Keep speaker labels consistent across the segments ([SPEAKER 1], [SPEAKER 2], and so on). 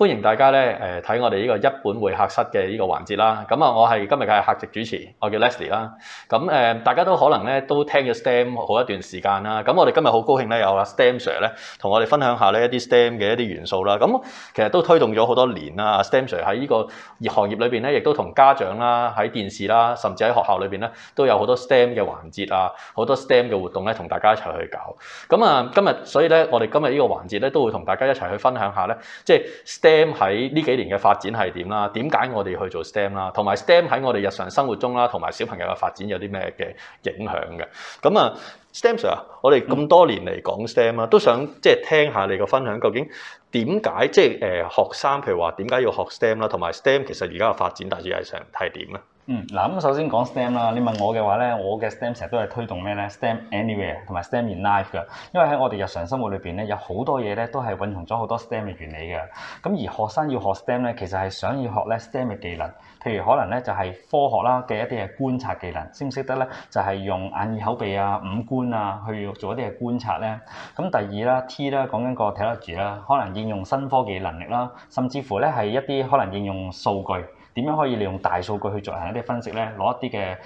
[SPEAKER 1] 歡迎大家咧，誒睇我哋呢個一本會客室嘅呢個環節啦。咁、嗯、啊，我係今日嘅客席主持，我叫 Leslie 啦。咁、嗯、誒，大家都可能咧都聽咗 STEM 好一段時間啦。咁、嗯、我哋今日好高興咧，有阿 STEM Sir 咧同我哋分享下呢一啲 STEM 嘅一啲元素啦。咁、嗯、其實都推動咗好多年啦。STEM Sir 喺呢個業行業裏邊咧，亦都同家長啦、喺電視啦，甚至喺學校裏邊咧都有好多 STEM 嘅環節啊，好多 STEM 嘅活動咧，同大家一齊去搞。咁、嗯、啊、嗯，今日所以咧，我哋今日呢個環節咧，都會同大家一齊去分享下咧，即係 STEM 喺呢幾年嘅發展係點啦？點解我哋去做 STEM 啦？同埋 STEM 喺我哋日常生活中啦，同埋小朋友嘅發展有啲咩嘅影響嘅？咁啊，STEM Sir 啊，St Sir, 我哋咁多年嚟講 STEM 啦，都想即係聽下你嘅分享，究竟點解即係誒學生，譬如話點解要學 STEM 啦？同埋 STEM 其實而家嘅發展大致係上係點咧？
[SPEAKER 2] 嗯，嗱，咁首先講 STEM 啦。你問我嘅話咧，我嘅 STEM 成日都係推動咩咧？STEM anywhere 同埋 STEM in life 嘅。因為喺我哋日常生活裏邊咧，有好多嘢咧都係運用咗好多 STEM 嘅原理嘅。咁而學生要學 STEM 咧，其實係想要學咧 STEM 嘅技能。譬如可能咧就係科學啦嘅一啲嘅觀察技能，識唔識得咧？就係、是、用眼耳口鼻啊、五官啊去做一啲嘅觀察咧。咁第二啦，T 啦，講緊個 technology 啦，可能應用新科技能力啦，甚至乎咧係一啲可能應用數據。點樣可以利用大數據去進行一啲分析咧？攞一啲嘅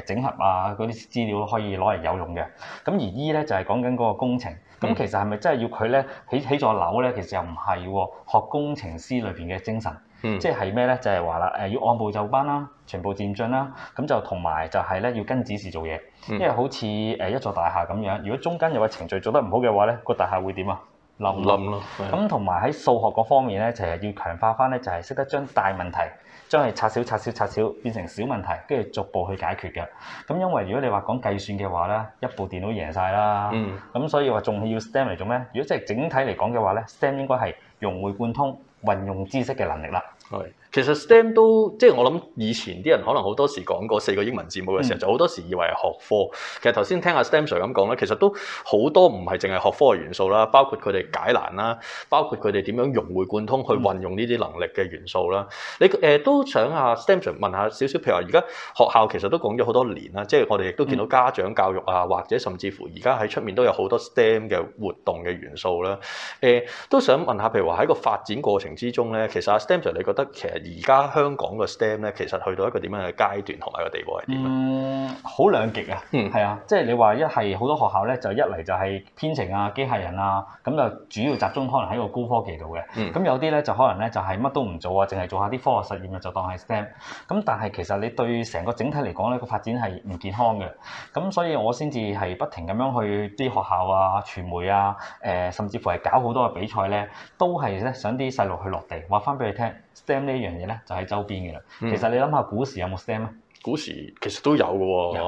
[SPEAKER 2] 誒整合啊，嗰啲資料可以攞嚟有用嘅。咁而二、e、咧就係講緊嗰個工程。咁、嗯、其實係咪真係要佢咧起起座樓咧？其實又唔係喎。學工程師裏邊嘅精神，嗯、即係咩咧？就係話啦，誒要按部就班啦，循序漸進啦。咁就同埋就係咧要跟指示做嘢，嗯、因為好似誒一座大廈咁樣，如果中間有個程序做得唔好嘅話咧，個大廈會點啊？諗諗咯，咁同埋喺數學嗰方面咧，就係、是、要強化翻咧，就係識得將大問題，將佢拆小、拆小、拆小，變成小問題，跟住逐步去解決嘅。咁因為如果你話講計算嘅話咧，一部電腦贏晒啦，咁、嗯、所以話仲要 STEM 嚟做咩？如果即係整體嚟講嘅話咧，STEM 應該係融會貫通、運用知識嘅能力啦。係。
[SPEAKER 1] 其實 STEM 都即係我諗以前啲人可能好多時講過四個英文字母嘅時候，嗯、就好多時以為係學科。其實頭先聽阿 STEM Sir 咁講咧，其實都好多唔係淨係學科嘅元素啦，包括佢哋解難啦，包括佢哋點樣融會貫通去運用呢啲能力嘅元素啦。嗯、你誒、呃、都想阿 STEM Sir 問下少少，譬如話而家學校其實都講咗好多年啦，即係我哋亦都見到家長教育啊，或者甚至乎而家喺出面都有好多 STEM 嘅活動嘅元素啦。誒、呃、都想問下，譬如話喺個發展過程之中咧，其實阿 STEM Sir 你覺得其實，而家香港個 STEM 咧，其實去到一個點樣嘅階段同埋個地步係
[SPEAKER 2] 點咧？嗯，好兩極啊！嗯，係啊，即係你話一係好多學校咧，就一嚟就係編程啊、機械人啊，咁就主要集中可能喺個高科技度嘅。嗯，咁有啲咧就可能咧就係乜都唔做啊，淨係做下啲科學實驗啊就當係 STEM。咁但係其實你對成個整體嚟講咧，個發展係唔健康嘅。咁所以我先至係不停咁樣去啲學校啊、傳媒啊、誒、呃，甚至乎係搞好多嘅比賽咧，都係咧想啲細路去落地。話翻俾你聽。STEM 呢樣嘢咧，就喺周邊嘅啦。嗯，其實你諗下，古時有冇 STEM 啊？古時其實都有嘅喎、啊，有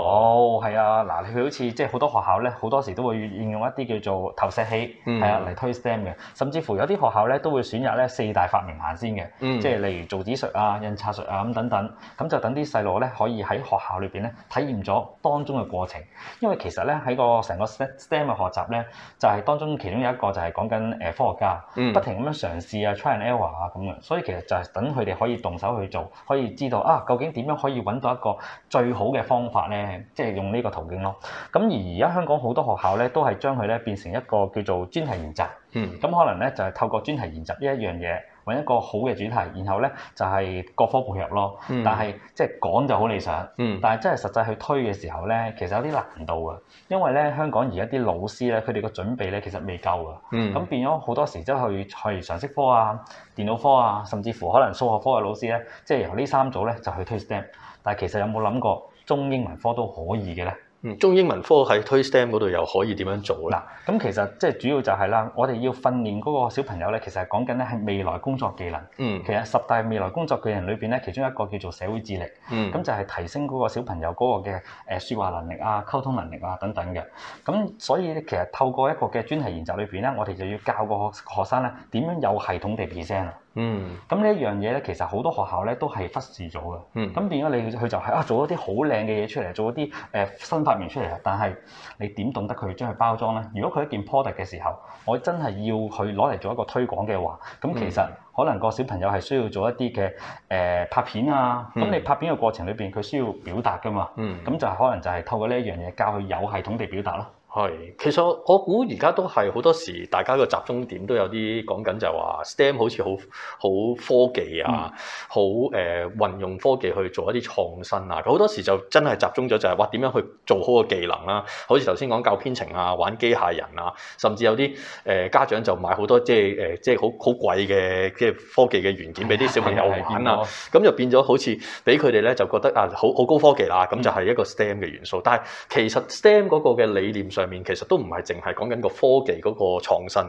[SPEAKER 2] 係啊嗱，佢好似即係好多學校咧，好多時都會應用一啲叫做投石器，係、嗯、啊嚟推 STEM 嘅，甚至乎有啲學校咧都會選入咧四大發明行先嘅，嗯、即係例如造紙術啊、印刷術啊咁等等，咁、嗯嗯、就等啲細路咧可以喺學校裏邊咧體驗咗當中嘅過程，因為其實咧喺個成個 STEM 嘅學習咧，就係、是、當中其中有一個就係講緊誒科學家，嗯、不停咁樣嘗試啊、try and error 啊咁嘅，所以其實就係等佢哋可以動手去做，可以知道啊，啊究竟點樣可以揾到一個，最好嘅方法咧，即係用呢個途徑咯。咁而而家香港好多學校咧，都係將佢咧變成一個叫做專題研習。嗯。咁可能咧就係透過專題研習呢一樣嘢，揾一個好嘅主題，然後咧就係各科配合咯。嗯。但係即係講就好理想。嗯。但係真係實際去推嘅時候咧，其實有啲難度啊。因為咧，香港而家啲老師咧，佢哋個準備咧其實未夠啊。嗯。咁變咗好多時，即係去去常識科啊、電腦科啊，甚至乎可能數學科嘅老師咧，即係由呢三組咧就去推 STEM。但係其實有冇諗過中英文科都可以嘅咧？嗯，中英文科喺推 STEM 嗰度又可以點樣做？嗱，咁其實即係主要就係啦，我哋要訓練嗰個小朋友咧，其實係講緊咧係未來工作技能。嗯。其實十大未來工作技能裏邊咧，其中一個叫做社會智力。嗯。咁就係提升嗰個小朋友嗰個嘅誒説話能力啊、溝通能力啊等等嘅。咁所以其實透過一個嘅專題研習裏邊咧，我哋就要教個學生咧點樣有系統地 present。嗯，咁呢一樣嘢咧，其實好多學校咧都係忽視咗嘅。嗯，咁變咗你佢就係啊，做咗啲好靚嘅嘢出嚟，做咗啲誒新發明出嚟啦。但係你點懂得佢將佢包裝咧？如果佢一件 product 嘅時候，我真係要佢攞嚟做一個推廣嘅話，咁其實可能個小朋友係需要做一啲嘅誒拍片啊。咁、嗯、你拍片嘅過程裏邊，佢需要表達噶嘛？嗯，咁就係可能就係透過呢一樣嘢教佢有系統地表達咯。
[SPEAKER 1] 係，其實我估而家都係好多時，大家個集中點都有啲講緊就話 STEM 好似好好科技啊，嗯、好誒運、呃、用科技去做一啲創新啊。佢好多時就真係集中咗就係話點樣去做好個技能啦、啊。好似頭先講教編程啊、玩機械人啊，甚至有啲誒、呃、家長就買好多即係誒、呃、即係好好貴嘅即係科技嘅元件俾啲小朋友玩啊。咁就變咗好似俾佢哋咧就覺得啊好好高科技啦。咁就係一個 STEM 嘅元素，嗯、但係其實 STEM 嗰個嘅理念上面其實都唔係淨係講緊個科技嗰個創新，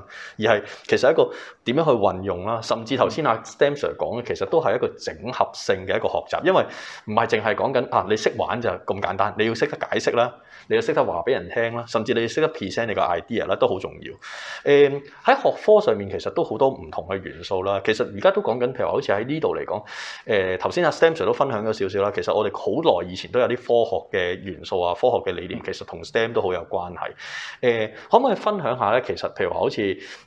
[SPEAKER 1] 而係其實一個點樣去運用啦，甚至頭先阿 STEM Sir 講嘅，其實都係一個整合性嘅一個學習，因為唔係淨係講緊啊你識玩就咁簡單，你要識得解釋啦，你要識得話俾人聽啦，甚至你要識得 present 你個 idea 啦，都好重要。誒、嗯、喺學科上面其實都好多唔同嘅元素啦。其實而家都講緊譬如話，好似喺呢度嚟講，誒頭先阿 STEM Sir 都分享咗少少啦。其實我哋好耐以前都有啲科學嘅元素啊，科學嘅理念其實同 STEM 都好有關。係，誒、嗯，可唔可以分享下咧？其實，譬如話好似，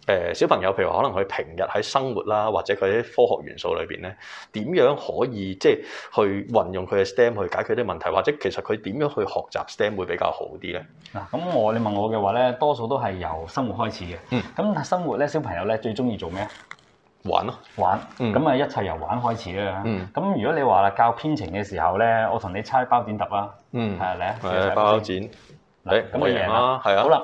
[SPEAKER 1] 誒，小朋友，譬如話可能佢平日喺生活啦，或者佢啲科學元素裏邊咧，點樣可以即係去運用佢嘅 STEM 去解決啲問題，或者其實佢點樣去學習 STEM 會比較好啲咧？嗱，
[SPEAKER 2] 咁我你問我嘅話咧，多數都係由生活開始嘅。嗯。咁生活咧，小朋友咧最中意做咩？
[SPEAKER 1] 玩咯、啊，玩。咁啊、嗯，一
[SPEAKER 2] 切由玩開始啦。嗯。咁如果你話啦教編程嘅時候咧，我同你猜包剪揼啦。嗯。係啊來，嚟啊來，包
[SPEAKER 1] 剪。咁我贏啦，係了是啊！好啦，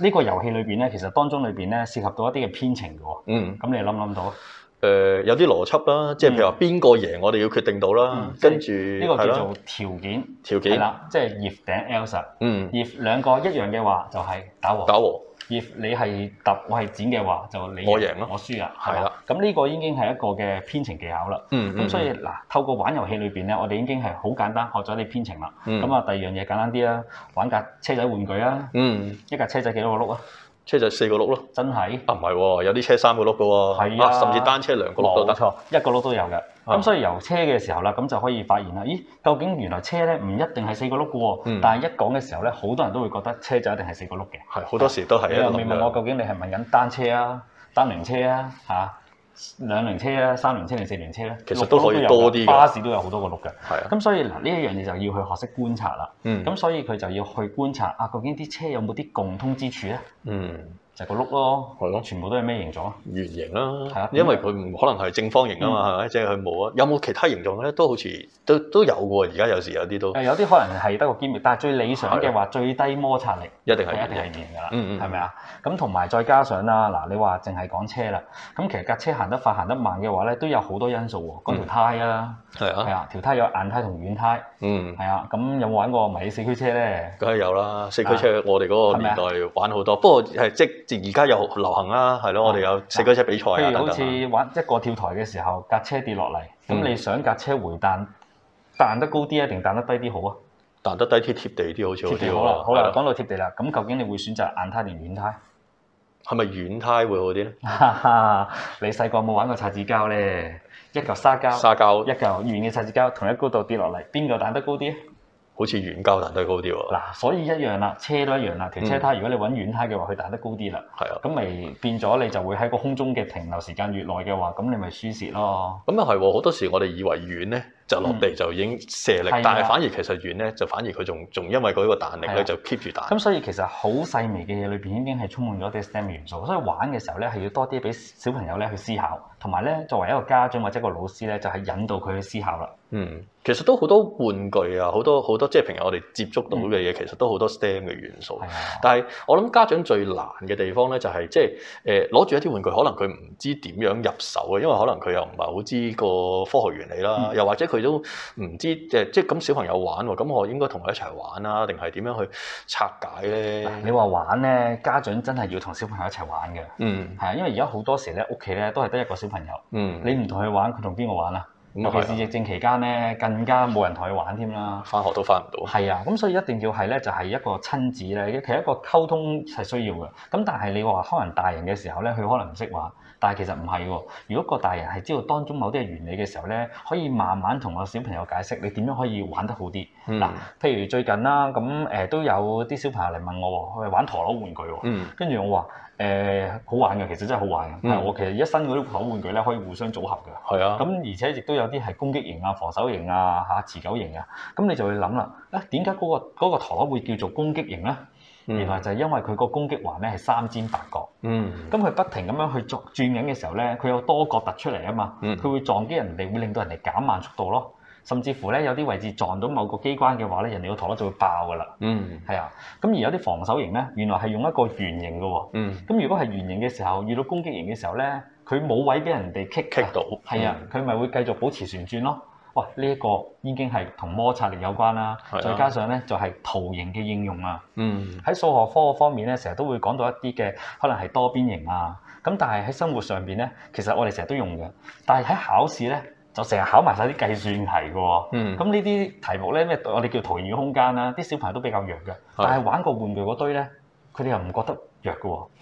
[SPEAKER 2] 呢個遊戲裏邊咧，其實當中裏邊咧，涉及到一啲嘅編程嘅喎，嗯，咁你諗唔諗到？
[SPEAKER 1] 誒、呃、有啲邏輯啦，即係譬如話邊個贏，我哋要決定到啦、啊。嗯、跟住着呢個叫做
[SPEAKER 2] 條件條件，
[SPEAKER 1] 即係 if else 嗯。嗯，if 兩個一樣嘅話
[SPEAKER 2] 就係打和。打和。if 你係揼我係剪嘅話就你贏我贏咯，我輸啊，係啦。咁呢的個已經係一個嘅編程技巧啦。嗯咁、嗯嗯、所以嗱，透過玩遊戲裏邊咧，我哋已經係好簡單學咗啲編程啦。咁啊、嗯，第二樣嘢簡單啲啦，玩架車仔玩具啊。嗯。一架車仔幾多個碌啊？車就四個轆咯，真係的？啊唔係喎，有啲車三個轆㗎喎，啊，啊甚至單車兩個轆都得，一個轆都有嘅。咁是的 所以由車嘅時候啦，咁就可以發現啦。咦，究竟原來車咧唔一定係四個轆嘅喎，但係一講嘅時候咧，好多人都會覺得車就一定係四個
[SPEAKER 1] 轆嘅。係好的的多時都係啊，咁你問我究
[SPEAKER 2] 竟你係問緊單車啊，單輪車啊嚇？啊兩輪車咧、三輪車定四輪車咧，其實都可以多啲，巴士都有好多個轆嘅。係啊，咁所以嗱，呢一樣嘢就要去學識觀察啦。嗯，咁所以佢就要去觀察啊，究竟啲車有冇啲共通之處咧？嗯。個碌咯，嚟講全部都係咩形狀啊？圓形
[SPEAKER 1] 啦，因為佢唔可能係正方形噶嘛，係咪？即係佢冇啊。有冇其他形狀咧？都好似都都有喎。而家有時有啲都有啲可能係
[SPEAKER 2] 得個尖面，但係最理想嘅話，最低摩擦力一定係一定係圓形㗎啦。嗯，係咪啊？咁同埋再加上啦，嗱，你話淨係講車啦，咁其實架車行得快、行得慢嘅話咧，都有好多因素喎。講條胎啊，係啊，條胎有硬胎同軟胎。嗯，係啊。咁有冇玩過迷你四驅車咧？梗係有啦，四驅車
[SPEAKER 1] 我哋嗰個年代玩好多。不過係即而家又流行啦，係咯，我哋有四驅車比賽等等。譬如好似
[SPEAKER 2] 玩一個跳台嘅時候，架車跌落嚟，咁你想架車回彈，彈得高啲啊，定彈得低啲好啊？
[SPEAKER 1] 彈得低啲貼,貼地啲好似好啲啊！好啦，講
[SPEAKER 2] 到貼地啦，咁究竟你會選擇硬胎定軟胎？係咪軟胎會好啲咧？哈哈！你細個冇玩過擦紙膠咧？一嚿沙膠，沙膠，一嚿軟嘅擦紙膠，同一高度跌落嚟，邊個彈得高啲？好似軟膠彈彈高啲喎，嗱，所以一樣啦，車都一樣啦，條車胎、嗯、如果你揾軟胎嘅話，佢彈得高啲啦。係啊，咁咪變咗你就會喺個空中嘅停留時間越耐
[SPEAKER 1] 嘅話，咁你咪輸蝕咯。咁又係喎，好多時我哋以為軟咧就落地就已經卸力，啊、但係反而其實軟咧就反而佢仲仲因為嗰個彈力咧、啊、就 keep 住彈。咁所以其實好細
[SPEAKER 2] 微嘅嘢裏邊已經係充滿咗啲 STEM 元素，所以玩嘅時候咧係要多啲俾小朋友咧去思考，同埋咧作為一個家長或者一個老師咧就係引導佢去思考啦。嗯。
[SPEAKER 1] 其實都好多玩具啊，好多好多即係平日我哋接觸到嘅嘢，嗯、其實都好多 STEM 嘅元素。是的 但係我諗家長最難嘅地方咧、就係，就係即係誒攞住一啲玩具，可能佢唔知點樣入手啊，因為可能佢又唔係好知個科學原理啦，嗯、又或者佢都唔知即係即係咁小朋友玩喎，咁我應該同佢一齊玩啊，定係點樣去拆解咧？你話
[SPEAKER 2] 玩咧，家長真係要同小朋友一齊玩嘅。嗯，係因為而家好多時咧，屋企咧都係得一個小朋友。嗯，你唔同佢玩，佢同邊個玩啊？尤其是疫症期間呢，更加冇人同佢玩添啦，返學都返唔到。係啊，咁所以一定要係呢，就係一個親子呢，其實一個溝通係需要嘅。咁但係你話可能大人嘅時候呢，佢可能唔識玩。但係其實唔係喎，如果個大人係知道當中某啲嘅原理嘅時候咧，可以慢慢同個小朋友解釋你點樣可以玩得好啲。嗱，嗯、譬如最近啦，咁誒都有啲小朋友嚟問我喎，佢玩陀螺玩具喎，跟住、嗯、我話誒、欸、好玩嘅，其實真係好玩嘅。嗯、我其實一身嗰啲陀螺玩具咧，可以互相組合嘅。係是啊。咁而且亦都有啲係攻擊型啊、防守型啊、嚇持久型啊。咁你就會諗啦，啊點解嗰個陀螺會叫做攻擊型咧？原來就係因為佢個攻擊環咧係三尖八角，咁佢、嗯、不停咁樣去轉轉緊嘅時候咧，佢有多角突出嚟啊嘛，佢、嗯、會撞擊人哋，會令到人哋減慢速度咯。甚至乎咧有啲位置撞到某個機關嘅話咧，人哋個陀螺就會爆噶啦。係、嗯、啊，咁而有啲防守型咧，原來係用一個圓形嘅喎。咁、嗯、如果係圓形嘅時候，遇到攻擊型嘅時候咧，佢冇位俾人哋棘到，係、嗯、啊，佢咪會繼續保持旋轉咯。哇！呢、這、一個已經係同摩擦力有關啦，啊、再加上咧就係、是、圖形嘅應用啊。嗯，喺數學科嘅方面咧，成日都會講到一啲嘅可能係多邊形啊。咁但係喺生活上邊咧，其實我哋成日都用嘅。但係喺考試咧，就成日考埋晒啲計算題㗎喎。嗯，咁呢啲題目咧咩？我哋叫圖形空間啦、啊，啲小朋友都比較弱嘅。但係玩過玩具嗰堆咧。佢哋又唔覺得弱㗎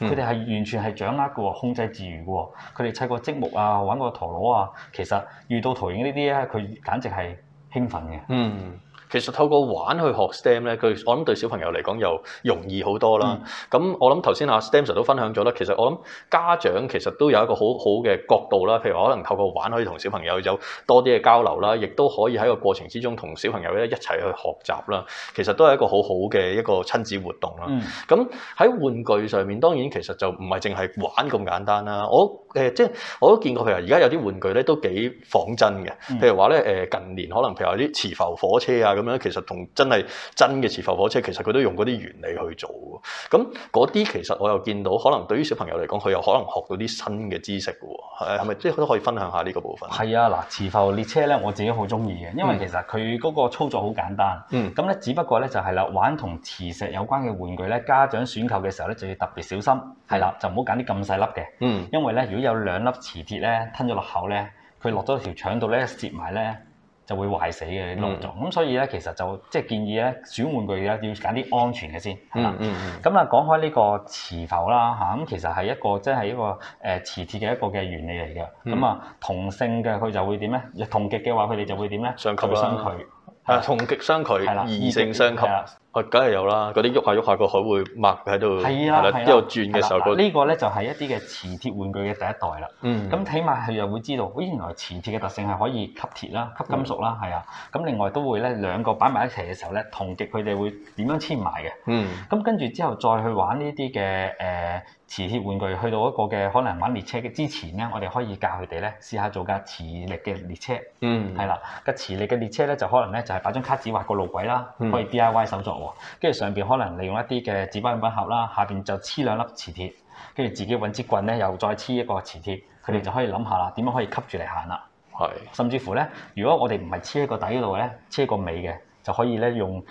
[SPEAKER 2] 喎，佢哋係完全係掌握㗎喎，控制自如㗎喎，佢哋砌個積木啊，玩個陀螺啊，其實遇到圖形呢啲，佢簡直係興奮
[SPEAKER 1] 嘅。嗯。其實透過玩去學 STEM 咧，佢我諗對小朋友嚟講又容易好多啦。咁、嗯、我諗頭先阿、啊、STEM 都分享咗啦。其實我諗家長其實都有一個好好嘅角度啦。譬如話可能透過玩可以同小朋友有多啲嘅交流啦，亦都可以喺個過程之中同小朋友咧一齊去學習啦。其實都係一個好好嘅一個親子活動啦。咁喺、嗯、玩具上面當然其實就唔係淨係玩咁簡單啦。我、oh, 即係我都見過佢啊。而家有啲玩具咧都幾仿真嘅，譬如話咧誒，近年可能譬如話啲磁浮火車啊咁樣，其實同真係真嘅磁浮火車其實佢都用嗰啲原理去做嘅。咁嗰啲其實我又見到，可能對於小朋友嚟講，佢又可能學到啲新嘅知識嘅喎。係咪？即係都可以分享下呢個部分？係啊，嗱，磁浮列車咧，我自己好鍾意嘅，因為其實佢嗰個
[SPEAKER 2] 操作好簡單。嗯。咁咧，只不過咧就係啦，玩同磁石有關嘅玩具咧，家長選購嘅時候咧就要特別小心。係啦，就唔好揀啲咁細粒嘅，因為咧如果有兩粒磁鐵咧吞咗落口咧，佢落咗條腸度咧折埋咧就會壞死嘅呢一種。咁所以咧其實就即係建議咧小玩具咧要揀啲安全嘅先。係啦，咁啊講開呢個磁浮啦嚇，咁其實係一個即係一個誒磁鐵嘅一個嘅原理嚟嘅。咁啊同性嘅佢就會點咧？同極嘅話佢哋就會點咧？相吸相拒係
[SPEAKER 1] 同極相拒，係啦，異性相吸。梗係有啦，嗰啲喐下喐下個海會擘喺度，係啦的，之後轉嘅時候，呢、呢個
[SPEAKER 2] 咧就係一啲嘅磁鐵玩具嘅第一代啦。嗯，咁起碼佢又會知道，咦，原來磁鐵嘅特性係可以吸鐵啦、吸金屬啦，係啊。咁另外都會咧兩個擺埋一齊嘅時候咧，同極佢哋會點樣黐埋嘅。嗯，咁跟住之後再去玩呢啲嘅誒。呃磁鐵玩具去到一個嘅可能玩列車嘅之前咧，我哋可以教佢哋咧試下做架磁力嘅列車。嗯，係啦，個磁力嘅列車咧就可能咧就係擺張卡紙畫個路軌啦，可以 D I Y 手作喎。跟住、嗯、上邊可能利用一啲嘅紙包飲品盒啦，下邊就黐兩粒磁鐵，跟住自己揾支棍咧又再黐一個磁鐵，佢哋、嗯、就可以諗下啦，點樣可以吸住嚟行啦。係，嗯、甚至乎咧，如果我哋唔係黐喺個底度咧，黐喺個尾嘅，就可以咧用。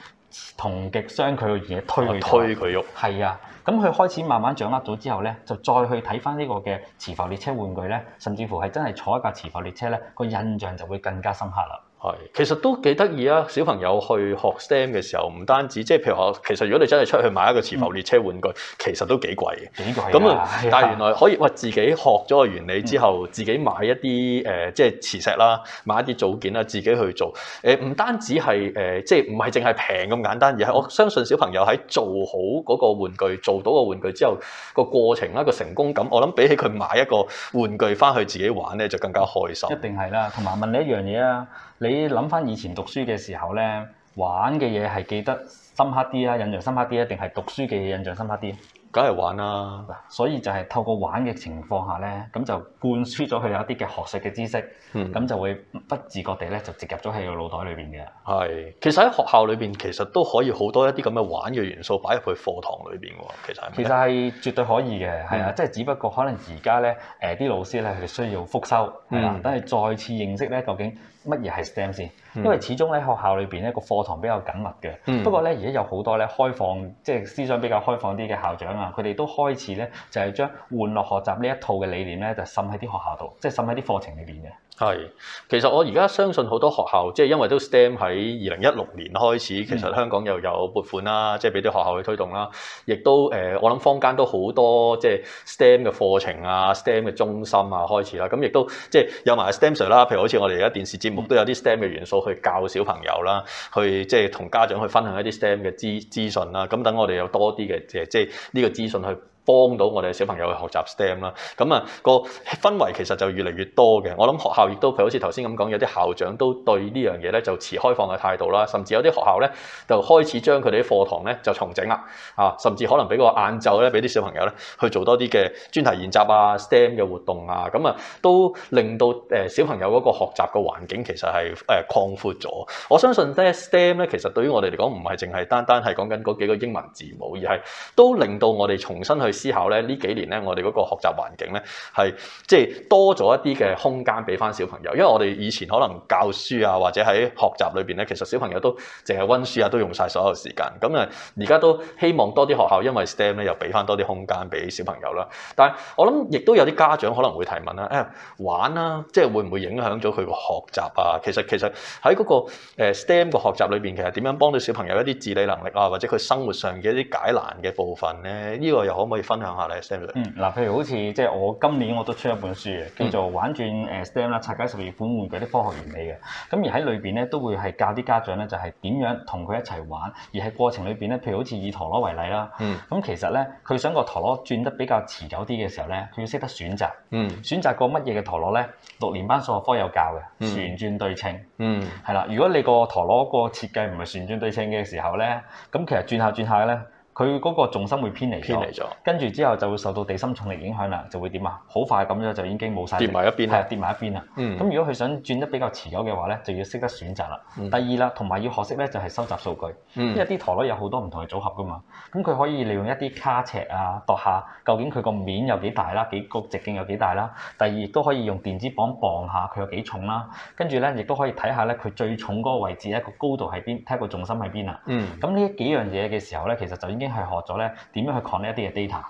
[SPEAKER 2] 同極相拒嘅嘢推佢，喐，係啊，咁佢開始慢慢掌握咗之後咧，就再去睇翻呢個嘅磁浮列車玩具咧，甚至乎係真係坐一架磁浮列車咧，個印象就會更加深刻啦。
[SPEAKER 1] 係，其實都幾得意啊！小朋友去學 STEM 嘅時候，唔單止即係譬如話，其實如果你真係出去買一個磁浮列車玩具，嗯、其實都幾貴嘅。幾貴。咁啊，嗯、但係原來可以喂自己學咗個原理之後，嗯、自己買一啲誒、呃、即係磁石啦，買一啲組件啦，自己去做。誒、呃、唔單止係誒、呃，即係唔係淨係平咁簡單，而係我相信小朋友喺做好嗰個玩具、做到個玩具之後、這個過程啦、這個成功感，我諗比起佢買一個玩具翻去自己玩咧，就更加開心。一
[SPEAKER 2] 定係啦，同埋問你一樣嘢啊！你諗翻以前讀書嘅時候咧，玩嘅嘢係記得深刻啲啊，印象深刻啲啊，定係讀書嘅嘢印象深刻啲？梗係玩啦、啊，所以就係透過玩嘅情況下咧，咁就灌輸咗佢有一
[SPEAKER 1] 啲嘅學術嘅知識，咁、嗯、就會不自覺地咧就植入咗喺個腦袋裏邊嘅。係、嗯，其實喺學校裏邊其實都可以好多一啲咁嘅玩嘅元素擺入去課堂裏邊喎，其實。其實係絕對可以嘅，係啊，即係、嗯、只不過可能而家咧，誒、呃、啲老師咧佢哋需要復
[SPEAKER 2] 修，嗱，等佢再次認識咧究竟。乜嘢係 STEM 先？ST EM，因為始終喺學校裏邊咧，個課堂比較緊密嘅。不過咧而家有好多咧開放，即係思想比較開放啲嘅校長啊，佢哋都開始咧就係將玩樂學習呢一套嘅理念咧，就滲喺啲學校度，即係滲喺啲課程裏邊
[SPEAKER 1] 嘅。係，其實我而家相信好多學校，即係因為都 STEM 喺二零一六年開始，其實香港又有撥款啦，即係俾啲學校去推動啦。亦都誒、呃，我諗坊間都好多即係 STEM 嘅課程啊、STEM 嘅中心啊開始啦。咁亦都即係有埋 STEM sir 啦，譬如好似我哋而家電視節目都有啲 STEM 嘅元素去教小朋友啦，嗯、去即係同家長去分享一啲 STEM 嘅資資訊啦。咁等我哋有多啲嘅即係即係呢個資訊去，幫到我哋小朋友去學習 STEM 啦、啊，咁、那、啊個氛圍其實就越嚟越多嘅。我諗學校亦都佢好似頭先咁講，有啲校長都對呢樣嘢咧就持開放嘅態度啦、啊，甚至有啲學校咧就開始將佢哋啲課堂咧就重整啦，啊，甚至可能俾個晏晝咧俾啲小朋友咧去做多啲嘅專題研習啊、STEM 嘅活動啊，咁啊都令到誒、呃、小朋友嗰個學習嘅環境其實係誒擴闊咗。我相信咧 STEM 咧其實對於我哋嚟講唔係淨係單單係講緊嗰幾個英文字母，而係都令到我哋重新去。思考咧呢幾年咧，我哋嗰個學習環境咧，係即係多咗一啲嘅空間俾翻小朋友。因為我哋以前可能教書啊，或者喺學習裏邊咧，其實小朋友都淨係温書啊，都用晒所有時間。咁啊，而家都希望多啲學校因為 STEM 咧，又俾翻多啲空間俾小朋友啦。但係我諗亦都有啲家長可能會提問啦，誒玩啦，即係會唔會影響咗佢個學習啊？其實其實喺嗰個誒 STEM 個學習裏邊，其實點樣幫到小朋友一啲自理能力啊，或者佢生活上嘅一啲解難嘅部分咧？呢個又可唔可以？分享下你嘅 STEM 嗯、嗱，譬如好似即係我今年我都出一本書嘅，叫做《玩
[SPEAKER 2] 轉誒 STEM 啦》，拆解十二款玩具啲科學原理嘅。咁而喺裏邊咧，都會係教啲家長咧，就係點樣同佢一齊玩，而喺過程裏邊咧，譬如好似以陀螺為例啦。嗯。咁其實咧，佢想個陀螺轉得比較持久啲嘅時候咧，佢要識得選擇。嗯。選擇過乜嘢嘅陀螺咧？六年班數學科有教嘅旋轉對稱。
[SPEAKER 1] 嗯。
[SPEAKER 2] 係、嗯、啦，如果你個陀螺個設計唔係旋轉對稱嘅時候咧，咁其實轉下轉下咧。佢嗰個重心會偏離咗，偏離跟住之後就會受到地心重力影響啦，就會點啊？好快咁樣就已經冇晒。跌埋一邊啦，係啊，跌埋一邊啦。嗯。咁如果佢想轉得比較持久嘅話咧，就要識得選擇啦。嗯。第二啦，同埋要學識咧，就係收集數據。因為啲陀螺有好多唔同嘅組合噶嘛，咁佢可以利用一啲卡尺啊，度下究竟佢個面有幾大啦，幾個直徑有幾大啦。第二亦都可以用電子磅磅下佢有幾重啦。跟住咧，亦都可以睇下咧，佢最重嗰個位置咧，個高度喺邊，睇下個重心喺邊啦。嗯。咁呢幾樣嘢嘅時候咧，其實就已經。係學咗咧點樣去 connect 一啲嘅 data，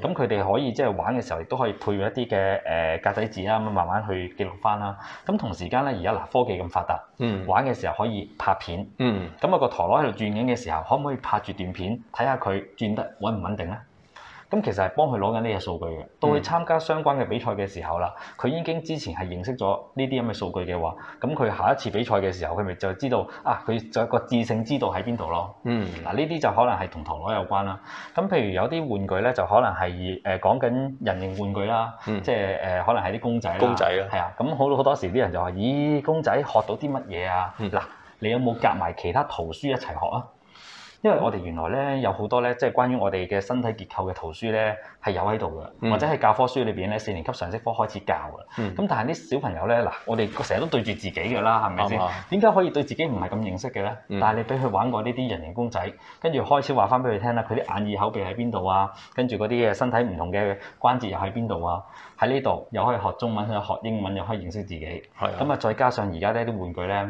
[SPEAKER 2] 咁佢哋可以即係玩嘅時候，亦都可以配一啲嘅誒格仔紙啦，咁慢慢去記錄翻啦。咁同時間咧，而家嗱科技咁發達，嗯、玩嘅時候可以拍片，咁、嗯、個陀螺喺度轉緊嘅時候，可唔可以拍住段片睇下佢轉得穩唔穩定咧？咁其實係幫佢攞緊呢個數據嘅，到佢參加相關嘅比賽嘅時候啦，佢、嗯、已經之前係認識咗呢啲咁嘅數據嘅話，咁佢下一次比賽嘅時候，佢咪就知道啊，佢就一個致勝之道喺邊度咯。嗯，嗱呢啲就可能係同陀螺有關啦。咁譬如有啲玩具咧，就可能係誒講緊人形玩具啦，嗯、即係誒可能係啲公仔啦。公仔咯。係啊，咁好好多時啲人就話，咦，公仔學到啲乜嘢啊？嗱、嗯，你有冇夾埋其他圖書一齊學啊？因為我哋原來咧有好多咧，即係關於我哋嘅身體結構嘅圖書咧係有喺度嘅，嗯、或者係教科書裏邊咧四年級常識科開始教嘅。咁、嗯、但係啲小朋友咧，嗱我哋成日都對住自己嘅啦，係咪先？點解吧可以對自己唔係咁認識嘅咧？嗯、但係你俾佢玩過呢啲人形公仔，跟住開始話翻俾佢聽啦，佢啲眼耳口鼻喺邊度啊？跟住嗰啲嘅身體唔同嘅關節又喺邊度啊？喺呢度又可以學中文，又可以學英文，又可以認識自己。係吧。咁啊，再加上而家呢啲玩具咧。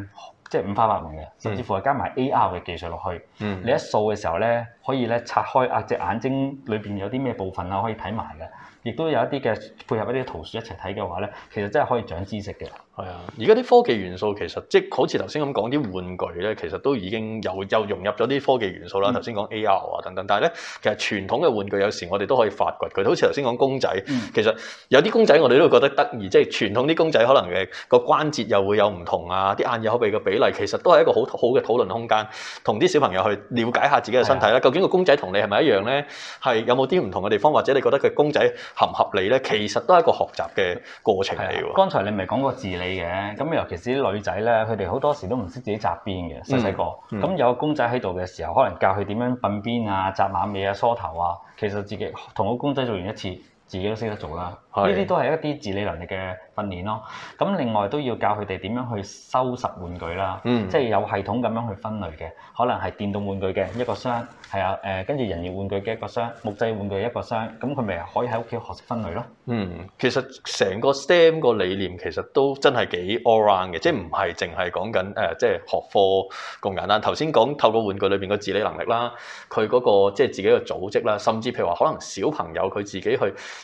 [SPEAKER 2] 即係五花八門嘅，甚至乎係加埋 AR 嘅技術落去。你一掃嘅時候呢，可以拆開啊，隻眼睛裏面有啲咩部分啊，可以睇埋㗎。亦都有一啲嘅配合一啲圖書一齊睇嘅話咧，其實真係可以長知識嘅。係啊，
[SPEAKER 1] 而家啲科技元素其實即係好似頭先咁講啲玩具咧，其實都已經又又融入咗啲科技元素啦。頭先講 AR 啊等等，但係咧其實傳統嘅玩具有時我哋都可以發掘佢，好似頭先講公仔，嗯、其實有啲公仔我哋都會覺得得意。即係傳統啲公仔可能嘅個關節又會有唔同啊，啲眼耳口鼻嘅比例其實都係一個好好嘅討論空間，同啲小朋友去了解下自己嘅身體啦。嗯、究竟個公仔同你係咪一樣咧？係有冇啲唔同嘅地方，或者你覺得佢公仔？合唔合理咧？其實都係一個學習嘅過程嚟喎。剛才
[SPEAKER 2] 你咪講過自理嘅，咁尤其是啲女仔咧，佢哋好多時都唔識自己紮辮嘅，細細個。咁、嗯嗯、有公仔喺度嘅時候，可能教佢點樣揼辮啊、紮馬尾啊、梳頭啊，其實自己同個公仔做完一次。自己都識得做啦，呢啲是都係一啲自理能力嘅訓練咯。咁另外都要教佢哋點樣去收拾玩具啦，嗯、即係有系統咁樣去分類嘅。可能係電動玩具嘅一個箱，係啊，誒、呃，跟住人形玩具嘅一個箱，木製玩具一個箱，咁佢咪可以喺屋企學識分類咯。嗯，
[SPEAKER 1] 其實成個 STEM 個理念其實都真係幾 all round 嘅，即係唔係淨係講緊誒，即係學科咁簡單。頭先講透過玩具裏邊個自理能力啦，佢嗰、那個即係自己嘅組織啦，甚至譬如話可能小朋友佢自己去。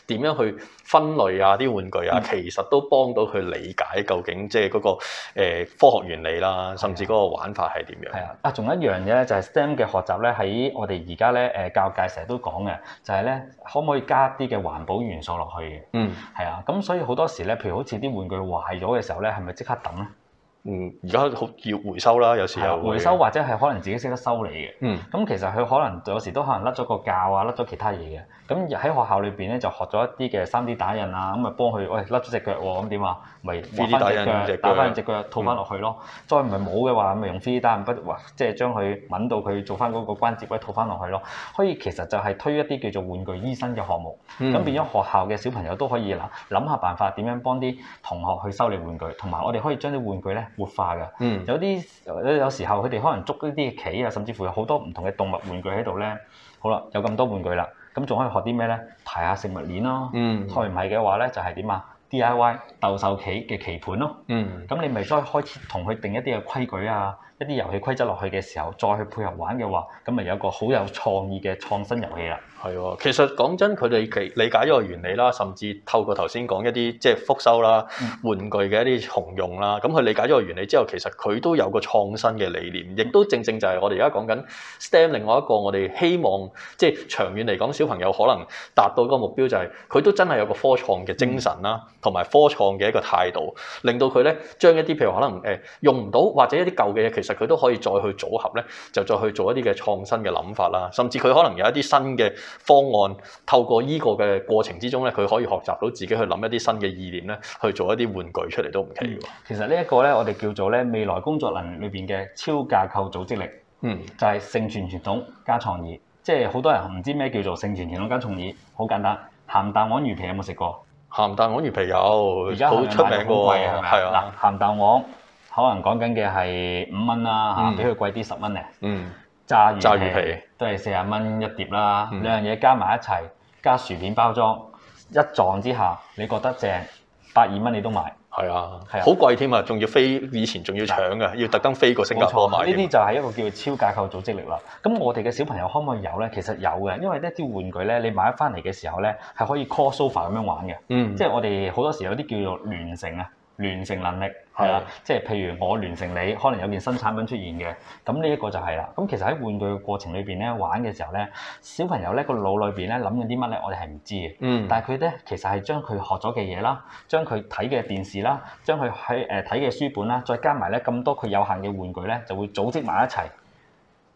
[SPEAKER 1] 點樣去分類啊？啲玩具啊，其實都幫到佢理解究竟即係嗰個科學原理啦，甚至嗰個玩法係點樣？係啊，
[SPEAKER 2] 啊仲有一樣嘢咧，就係 STEM 嘅學習咧，喺我哋而家咧誒教育界成日都講嘅，就係咧可唔可以加啲嘅環保元素落去？嗯，係啊，咁所以好多時咧，譬如好似啲玩具壞咗嘅時候咧，係咪即刻等咧？
[SPEAKER 1] 嗯，而家好要回收啦，有時候回收或者
[SPEAKER 2] 係可能自己識得修理嘅。嗯，咁其實佢可能有時都可能甩咗個膠啊，甩咗其他嘢嘅。咁喺學校裏邊咧就學咗一啲嘅三 d 打印啊，咁啊幫佢喂甩咗隻腳喎，咁點啊？咪畫翻隻腳，打翻隻腳，套翻落去咯。嗯、再唔係冇嘅話，咪用 three d 打印不，即係將佢揾到佢做翻嗰個關節位套翻落去咯。可以其實就係推一啲叫做玩具醫生嘅項目，咁、嗯、變咗學校嘅小朋友都可以嗱，諗下辦法點樣幫啲同學去修理玩具，同埋我哋可以將啲玩具咧。活化嘅，嗯、有啲有時候佢哋可能捉呢啲棋啊，甚至乎有好多唔同嘅動物玩具喺度咧。好啦，有咁多玩具啦，咁仲可以學啲咩咧？排下食物鏈咯。再唔係嘅話咧，就係點啊？DIY 鬥獸棋嘅棋盤咯。咁、嗯、你咪再開始同佢定一啲嘅規矩啊，一啲遊戲規則落去嘅時候，再去配合玩嘅話，咁咪有一個好有創意嘅創新遊戲啦。
[SPEAKER 1] 係喎，其實講真，佢哋其理解咗個原理啦，甚至透過頭先講一啲即係復修啦、玩具嘅一啲重用啦，咁佢、嗯、理解咗個原理之後，其實佢都有個創新嘅理念，亦都正正就係我哋而家講緊 STEM 另外一個我哋希望即係長遠嚟講，小朋友可能達到嗰個目標就係佢都真係有個科創嘅精神啦，同埋、嗯、科創嘅一個態度，令到佢咧將一啲譬如可能誒、呃、用唔到或者一啲舊嘅嘢，其實佢都可以再去組合咧，就再去做一啲嘅創新嘅諗法啦，甚至佢可能有一啲新嘅方案，透過呢個嘅過程之中咧，佢可以學習到自己去諗一啲新嘅意念咧，去做一啲玩具出嚟都唔奇喎，嗯。其實呢一個咧，
[SPEAKER 2] 我哋叫做咧未來工作能力裏邊嘅超架構組織力，嗯，就係承傳傳統加創意，即係好多人唔知咩叫做承傳傳統加創意，好簡單，鹹蛋黃魚皮有冇食過？鹹蛋黃魚皮有，而家好出名嘅喎，係啊，鹹蛋黃。可能講緊嘅係五蚊啦，嚇比佢貴啲十蚊咧。嗯，炸魚皮，炸魚皮都係四十蚊一碟啦，嗯、兩樣嘢加埋一齊，
[SPEAKER 1] 加薯片包
[SPEAKER 2] 裝一撞之下，你覺得正百二蚊你都買。係啊，係
[SPEAKER 1] 啊，好貴添啊，仲要飛以前仲要搶嘅，要特登飛過新加坡買。冇錯，呢啲
[SPEAKER 2] 就係一個叫做超架構組織力啦。咁我哋嘅小朋友可唔可以有咧？其實有嘅，因為咧啲玩具咧，你買翻嚟嘅時候咧，係可以 crossover 咁樣玩嘅。嗯，即係我哋好多時候有啲叫做聯乘啊。聯成能力係啦，即係的譬如我聯成你，可能有件新產品出現嘅，咁呢一個就係啦。咁其實喺玩具嘅過程裏邊咧，玩嘅時候咧，小朋友咧個腦裏邊咧諗緊啲乜咧，我哋係唔知嘅。嗯。但係佢咧，其實係將佢學咗嘅嘢啦，將佢睇嘅電視啦，將佢喺誒睇嘅書本啦，再加埋咧咁多佢有限嘅玩具咧，就會組織埋一齊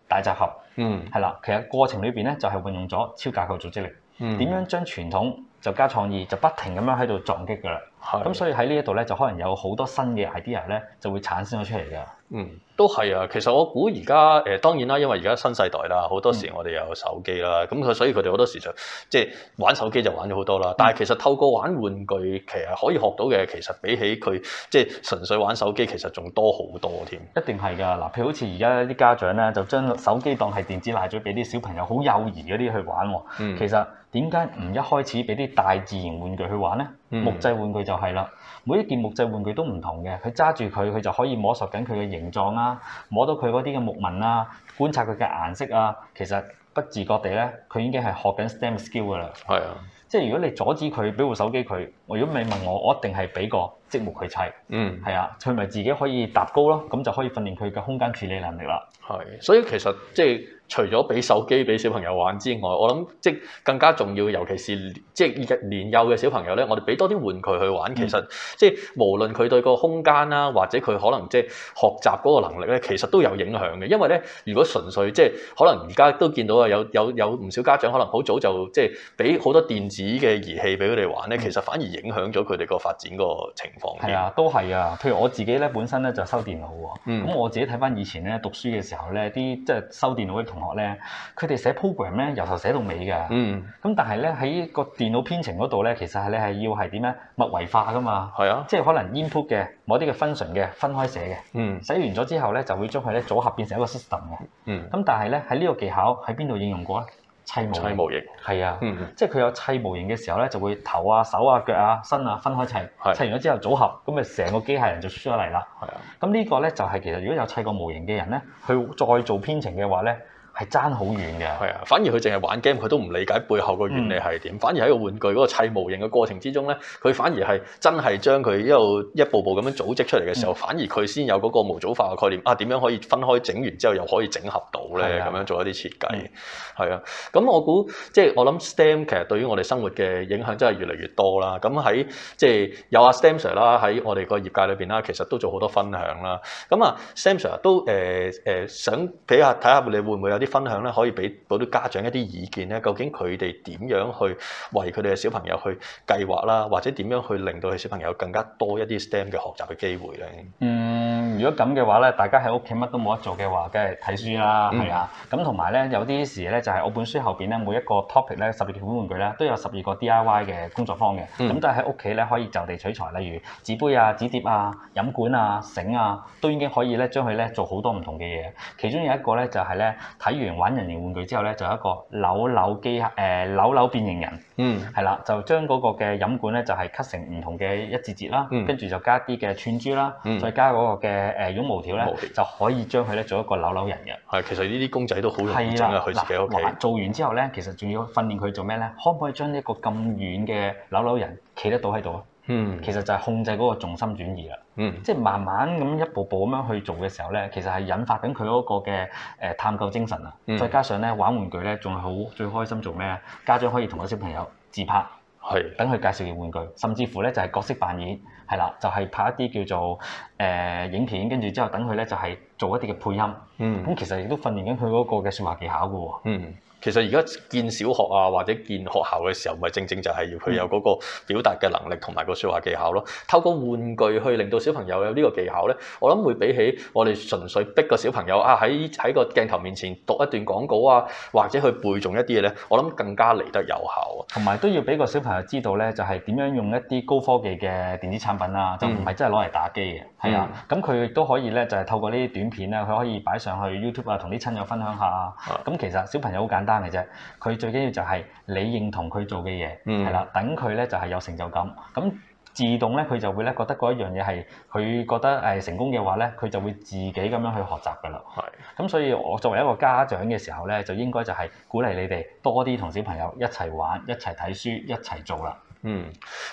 [SPEAKER 2] 大集合。嗯。係啦，其實過程裏邊咧就係運用咗超架構組織力。嗯。點樣將傳統就加創意，就不停咁樣喺度撞擊噶啦。咁所以喺呢一度咧，就可能有好多新嘅 idea 咧，就會產生咗出嚟㗎。嗯，
[SPEAKER 1] 都係啊。其實我估而家誒，當然啦，因為而家新世代啦，好多時我哋有手機啦，咁佢、嗯、所以佢哋好多時就即係玩手機就玩咗好多啦。但係其實透過玩玩具，其實可以學到嘅，其實比起佢即係純粹玩手機，其實仲多好多添、
[SPEAKER 2] 嗯。一定係㗎。嗱，譬如好似而家啲家長咧，就將手機當係電子奶嘴俾啲小朋友好幼兒嗰啲去玩。嗯。其實點解唔一開始俾啲大自然玩具去玩咧？木製玩具就係啦，每一件木製玩具都唔同嘅，佢揸住佢，佢就可以摸索緊佢嘅形狀啊，摸到佢嗰啲嘅木紋啊，觀察佢嘅顏色啊，其實不自覺地咧，佢已經係學緊 STEM skills 噶啦。係啊，即係如果你阻止佢俾部手機佢，我如果咪問我，我一定係俾個積木佢
[SPEAKER 1] 砌。嗯，係啊，佢咪自己可以搭高咯，咁就可以訓練佢嘅空間處理能力啦。係，所以其實即係。除咗俾手機俾小朋友玩之外，我諗即係更加重要，尤其是即係年幼嘅小朋友咧，我哋俾多啲玩具去玩，其實即係無論佢對個空間啦、啊，或者佢可能即係學習嗰個能力咧，其實都有影響嘅。因為咧，如果純粹即係可能而家都見到啊，有有有唔少家長可能好早就即係俾好多電子嘅儀器俾佢哋玩咧，嗯、其實反而影響咗佢哋個發展個情況。係啊，都係啊。
[SPEAKER 2] 譬如我自己咧，本身咧就收電腦喎。咁、嗯、我自己睇翻以前咧讀書嘅時候咧，啲即係收電腦嘅同學咧，佢哋寫 program 咧，由頭寫到尾嘅。嗯。咁但係咧，喺個電腦編程嗰度咧，其實係你係要係點咧物為化噶嘛。係啊。即係可能 input 嘅，某啲嘅 function 嘅，分開寫嘅。嗯。寫完咗之後咧，就會將佢咧組合變成一個 system 嘅。嗯。咁但係咧，喺呢個技巧喺邊度應用過咧？砌模。砌模型。係啊。即係佢有砌模型嘅時候咧，就會頭啊、手啊、腳啊、身啊分開砌。砌完咗之後組合，咁咪成個機械人就出咗嚟啦。係啊。咁呢個咧就係其實如果有砌過模型嘅人咧，去再
[SPEAKER 1] 做編程嘅話咧。係爭好遠嘅，係啊！反而佢淨係玩 game，佢都唔理解背後個原理係點。嗯、反而喺個玩具嗰個砌模型嘅過程之中咧，佢反而係真係將佢一路一步步咁樣組織出嚟嘅時候，嗯、反而佢先有嗰個模組化嘅概念。啊，點樣可以分開整完之後又可以整合到咧？咁樣做一啲設計，係啊。咁、嗯、我估即係我諗 STEM 其實對於我哋生活嘅影響真係越嚟越多啦。咁喺即係有阿 STEM Sir 啦，喺我哋個業界裏邊啦，其實都做好多分享啦。咁啊，STEM Sir 都誒誒想俾下睇下你會唔會有啲？分享咧可以俾到啲家長一啲意見咧，究竟佢哋點樣去為佢哋嘅小朋友去計劃啦，或者點樣去令到佢小朋友更加多一啲 STEM 嘅學習嘅機會咧？嗯，
[SPEAKER 2] 如果咁嘅話咧，大家喺屋企乜都冇得做嘅話，梗係睇書啦，係啊。咁同埋咧，有啲事咧就係我本書後邊咧，每一個 topic 咧，十二款玩具咧，都有十二個 DIY 嘅工作坊嘅。咁都喺屋企咧可以就地取材，例如紙杯啊、紙碟啊、飲管啊、繩啊，都已經可以咧將佢咧做好多唔同嘅嘢。其中有一個咧就係咧睇。玩完人形玩具之後咧，就有一個扭扭機械，誒、呃、扭扭變形人，嗯，係啦，就將嗰個嘅飲管咧，就係、是、cut 成唔同嘅一節節啦，跟住、嗯、就加啲嘅串珠啦，嗯、再加嗰個嘅誒絨毛條咧，嗯 okay。就可以將佢咧做一個扭扭人嘅。
[SPEAKER 1] 係，其實呢啲公仔都好容易整佢自己屋企。
[SPEAKER 2] 做完之後咧，其實仲要訓練佢做咩咧？可唔可以將呢一個咁遠嘅扭扭人企得到喺度啊？嗯，其實就係控制嗰個重心轉移啦。嗯，即係慢慢咁一步步咁樣去做嘅時候咧，其實係引發緊佢嗰個嘅誒探究精神啊。嗯、再加上咧玩玩具咧，仲係好最開心做咩啊？家長可以同個小朋友自拍，係等佢介紹嘅玩具，甚至乎咧就係角色扮演，係啦，就係、是、拍一啲叫做誒、呃、影片，跟住之後等佢咧就係做一啲嘅配音。嗯，咁其實亦都訓練緊佢嗰個嘅説話技巧嘅喎。嗯。
[SPEAKER 1] 其實而家見小學啊，或者見學校嘅時候，咪正正就係要佢有嗰個表達嘅能力同埋個説話技巧咯。透過玩具去令到小朋友有呢個技巧咧，我諗會比起我哋純粹逼個小朋友啊喺喺個鏡頭面前讀一段廣告啊，或者去背誦一啲嘢咧，我諗更加嚟得有效
[SPEAKER 2] 啊。同埋都要俾個小朋友知道咧，就係、是、點樣用一啲高科技嘅電子產品啊，就唔係真係攞嚟打機嘅。係、嗯、啊，咁佢亦都可以咧，就係、是、透過呢啲短片咧，佢可以擺上去 YouTube 啊，同啲親友分享下咁、啊、的其實小朋友好簡單嘅啫，佢最緊要就係你認同佢做嘅嘢，係啦、嗯，等佢咧就係有成就感，咁自動咧佢就會咧覺得嗰一樣嘢係佢覺得誒成功嘅話咧，佢就會自己咁樣去學習噶啦。係是，咁所以我作為一個家長嘅時候咧，就應該就係鼓勵你哋多啲同小朋友一齊玩，一齊
[SPEAKER 1] 睇書，一齊做啦。嗯，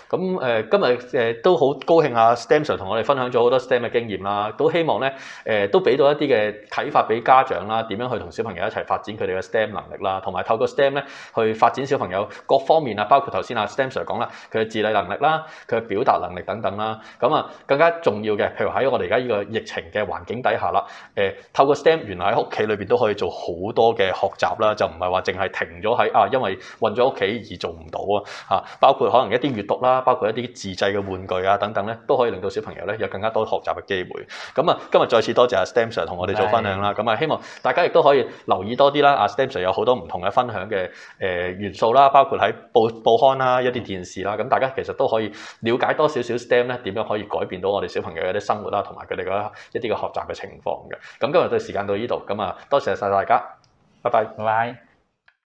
[SPEAKER 1] 咁、嗯、誒今日誒都好高興啊，STEM Sir 同我哋分享咗好多 STEM 嘅經驗啦，都希望咧誒、呃、都俾到一啲嘅啟發俾家長啦，點樣去同小朋友一齊發展佢哋嘅 STEM 能力啦，同埋透過 STEM 咧去發展小朋友各方面啊，包括頭先阿 STEM Sir 講啦，佢嘅自理能力啦，佢嘅表達能力等等啦，咁、嗯、啊更加重要嘅，譬如喺我哋而家呢個疫情嘅環境底下啦，誒、呃、透過 STEM 原來喺屋企裏邊都可以做好多嘅學習啦，就唔係話淨係停咗喺啊因為困咗屋企而做唔到啊，啊包括可可能一啲閱讀啦，包括一啲自製嘅玩具啊等等咧，都可以令到小朋友咧有更加多學習嘅機會。咁啊，今日再次多謝阿 STEM Sir 同我哋做分享啦。咁啊的，希望大家亦都可以留意多啲啦。阿的 STEM Sir 有好多唔同嘅分享嘅誒元素啦，包括喺報報刊啦、一啲電視啦。咁的大家其實都可以了解多少少 STEM 咧，點樣可以改變到我哋小朋友嘅啲生活啦，同埋佢哋嘅一啲嘅學習嘅情況嘅。咁今日嘅時間到呢度，咁啊，多謝晒大家，拜拜，拜，拜。